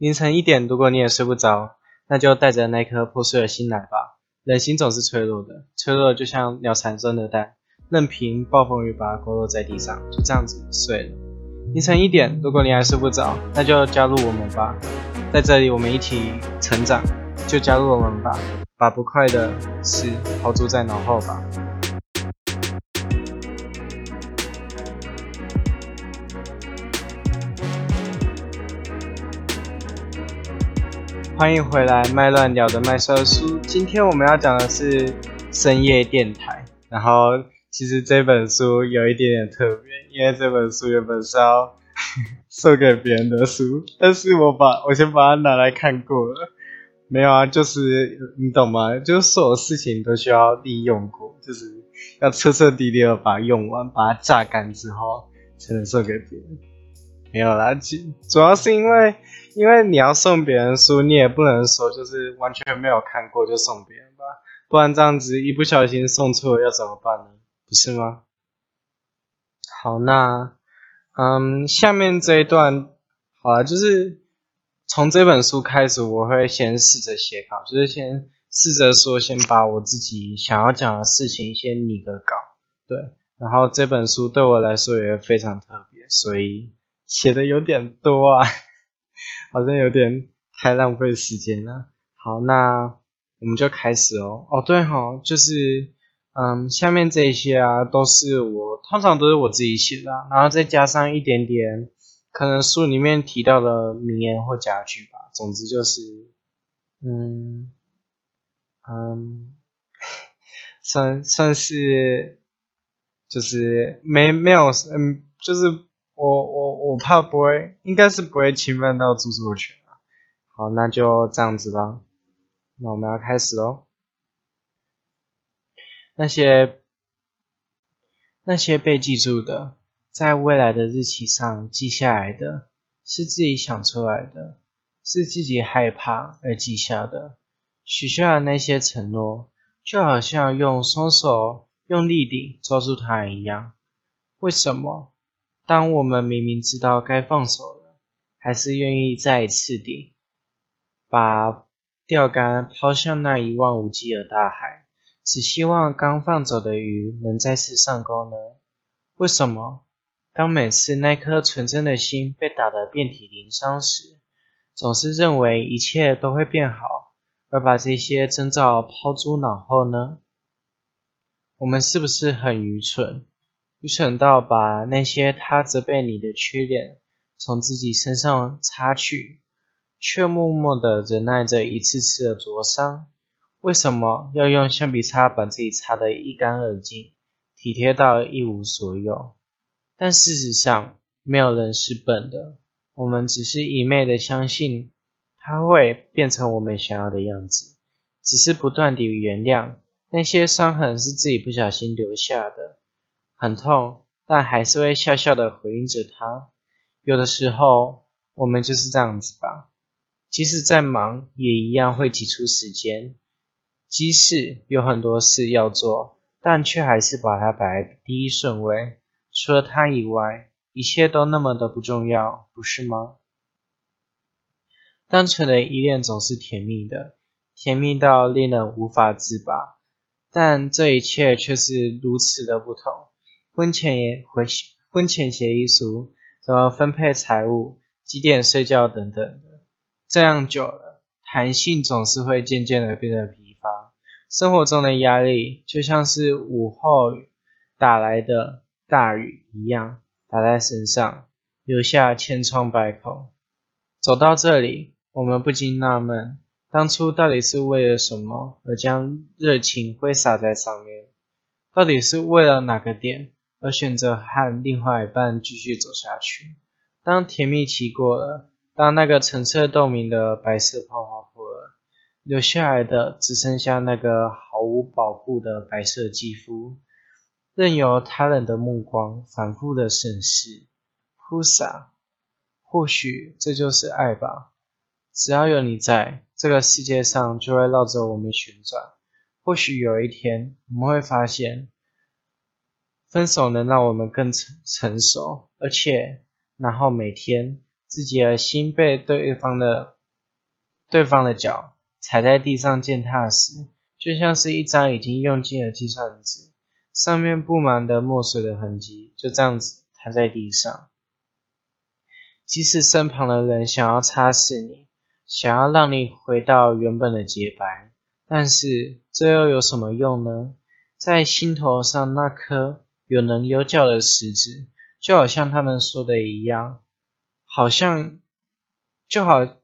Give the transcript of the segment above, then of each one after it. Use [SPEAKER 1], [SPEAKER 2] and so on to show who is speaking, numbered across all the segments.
[SPEAKER 1] 凌晨一點，如果你也睡不着，那就帶着那顆破碎的心來吧。人心總是脆弱的，脆弱就像鳥產生的蛋，任憑暴風雨把它滾落在地上，就這樣子碎了。凌晨一點，如果你還睡不着，那就加入我們吧。在這裡，我們一起成長，就加入我們吧，把不快的事拋諸在腦後吧。歡迎回來，麥亂聊的麥說書。今天我們要講的是深夜電台。然後其實這本書有一點點特別，因為這本書原本是要呵呵送給別人的書，但是我把我先把它拿來看過了。沒有啊，就是你懂嗎？就是所有事情都需要利用過，就是要徹徹底底的把它用完，把它榨乾之後，才能送給別人。沒有啦，主要是因為，因為你要送別人書，你也不能說就是完全沒有看過就送別人吧，不然這樣子一不小心送錯了要怎麼辦呢？不是嗎？好，那嗯，下面這一段好了，就是從這本書開始，我會先試着寫稿，就是先試着說，先把我自己想要講的事情先擬個稿，對，然後這本書對我來說也非常特別，所以。寫的有點多啊，好像有點太浪費時間了。好，那我們就開始哦。哦，對吼，哦，就是，嗯，下面這些啊，都是我通常都是我自己寫的，啊，然後再加上一點點可能書裡面提到的名言或佳句吧。總之就是，嗯，嗯，算算是，就是沒沒有，嗯，就是。我我我怕不會，應該是不會侵犯到著作權啊。好，那就這樣子吧。那我們要開始嘍。那些那些被記住的，在未來的日期上記下來的是自己想出來的，是自己害怕而記下的，許下的那些承諾，就好像用雙手用力地抓住它一樣。為什麼？當我們明明知道該放手了，還是願意再次地，把釣竿拋向那一望無際的大海，只希望剛放走的魚能再次上鈎呢？為什麼？當每次那顆純真的心被打得遍體鱗傷時，總是認為一切都會變好，而把這些徵兆拋諸腦後呢？我們是不是很愚蠢？愚蠢到把那些他責備你的缺點從自己身上擦去，卻默默的忍耐着一次次的灼傷。為什麼要用橡皮擦把自己擦得一乾二淨？體貼到一無所有。但事實上，沒有人是笨的，我們只是一昧的相信他會變成我們想要的樣子，只是不斷地原諒那些傷痕是自己不小心留下的。很痛，但還是會笑笑的回應着他。有的時候，我們就是這樣子吧。即使再忙，也一樣會擠出時間；即使有很多事要做，但卻還是把它擺第一順位。除了他以外，一切都那麼的不重要，不是嗎？單純的依戀總是甜蜜的，甜蜜到令人無法自拔。但這一切卻是如此的不同。婚前也，婚婚前協議書，怎麼分配財物，幾點睡覺等等的。這樣久了，彈性總是會漸漸的變得疲乏。生活中的壓力，就像是午後打來的大雨一樣，打在身上，留下千瘡百孔。走到這裡，我們不禁納悶，當初到底是為了什麼而將熱情揮灑在上面？到底是為了哪個點？而選擇和另外一半繼續走下去。當甜蜜期過了，當那個澄澈透明的白色泡沫破了，留下來的只剩下那個毫無保護的白色肌膚，任由他人的目光反覆的審視。撲灑，或許這就是愛吧。只要有你在，這個世界上就會繞着我們旋轉。或許有一天，我們會發現。分手能讓我們更成成熟，而且，然後每天自己的心被對方的對方的腳踩在地上踐踏時，就像是一張已經用盡的計算紙，上面布滿的墨水的痕跡，就這樣子攤在地上。即使身旁的人想要擦拭你，想要讓你回到原本的潔白，但是這又有什麼用呢？在心頭上那顆。有能有教的食指，就好像他們說的一樣，好像，就好，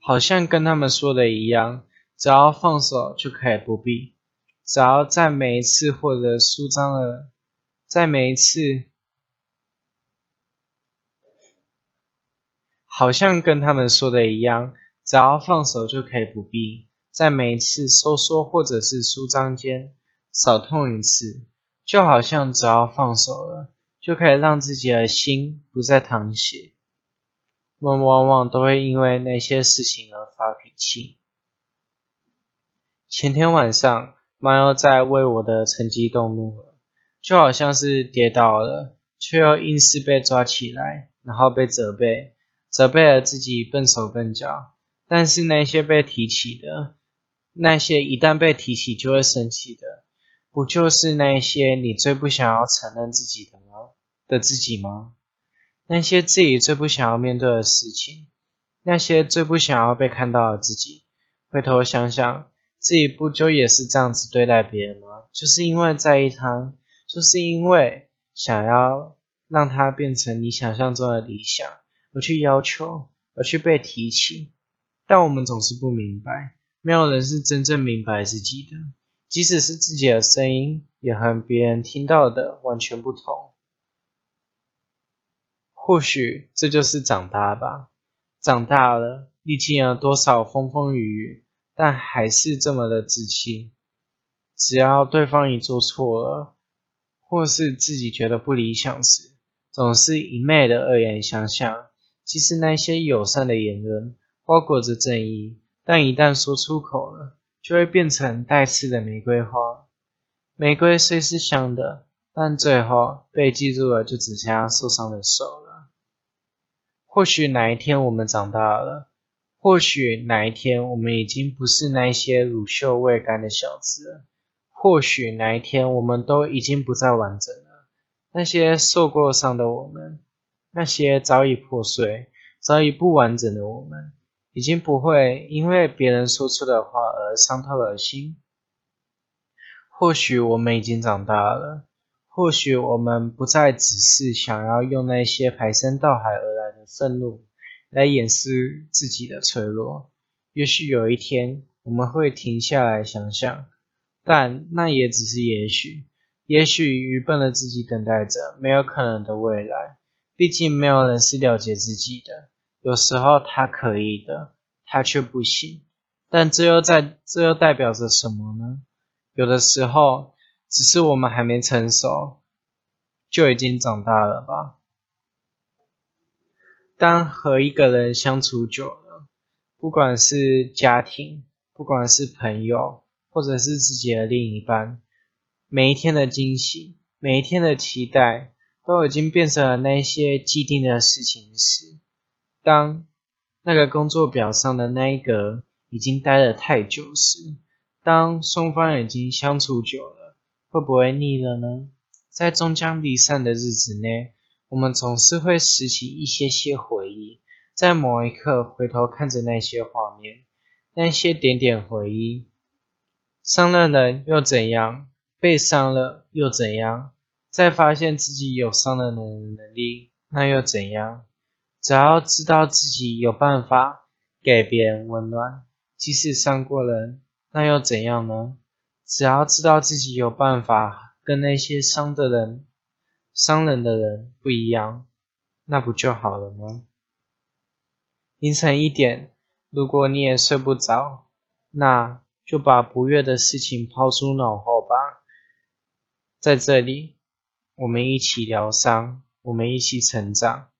[SPEAKER 1] 好像跟他們說的一樣，只要放手就可以不必，只要在每一次或者舒張了，在每一次，好像跟他們說的一樣，只要放手就可以不必，在每一次收縮或者是舒張間。少痛一次，就好像只要放手了，就可以讓自己的心不再淌血。我們往往都會因為那些事情而發脾氣。前天晚上，媽又在為我的成績動怒了，就好像是跌倒了，卻又硬是被抓起來，然後被責備，責備了自己笨手笨腳。但是那些被提起的，那些一旦被提起就會生氣的。不就是那些你最不想要承認自己的嗎？的自己嗎？那些自己最不想要面對的事情，那些最不想要被看到的自己，回頭想想，自己不就也是這樣子對待別人嗎？就是因為在意他，就是因為想要讓他變成你想象中的理想，而去要求，而去被提起。但我們總是不明白，沒有人是真正明白自己的。即使是自己的聲音，也和別人聽到的完全不同。或許這就是長大吧，長大了，歷經了多少風風雨雨，但還是這麼的自信。只要對方一做錯了，或是自己覺得不理想時，總是一昧的惡言相向。即使那些友善的言論，包裹着正義，但一旦說出口了。就會變成帶刺的玫瑰花。玫瑰雖是香的，但最後被記住了，就只剩下受傷的手了。或許哪一天我們長大了，或許哪一天我們已經不是那些乳臭未乾的小子了，或許哪一天我們都已經不再完整了。那些受過傷的我們，那些早已破碎、早已不完整的我們。已經不會因為別人說出的話而傷透了心。或許我們已經長大了，或許我們不再只是想要用那些排山倒海而來的憤怒來掩飾自己的脆弱。也許有一天我們會停下來想想，但那也只是也許，也許愚笨的自己等待着沒有可能的未來，畢竟沒有人是了解自己的。有時候他可以的，他卻不行但這又在，這又代表着什麼呢？有的時候，只是我們還沒成熟，就已經長大了吧。當和一個人相處久了，不管是家庭，不管是朋友，或者是自己的另一半，每一天的驚喜，每一天的期待，都已經變成了那些既定的事情時，當那個工作表上的那一格已經待了太久時，當雙方已經相處久了，會不會膩了呢？在終將離散的日子裡，我們總是會拾起一些些回憶，在某一刻回頭看着那些畫面，那些點點回憶。傷了人又怎樣？被傷了又怎樣？再發現自己有傷了人的能力，那又怎樣？只要知道自己有辦法給別人溫暖，即使傷過人，那又怎樣呢？只要知道自己有辦法跟那些傷的人、傷人的人不一樣，那不就好了嗎？凌晨一點，如果你也睡不着，那就把不悅的事情拋諸腦後吧。在這裡，我們一起療傷，我們一起成長。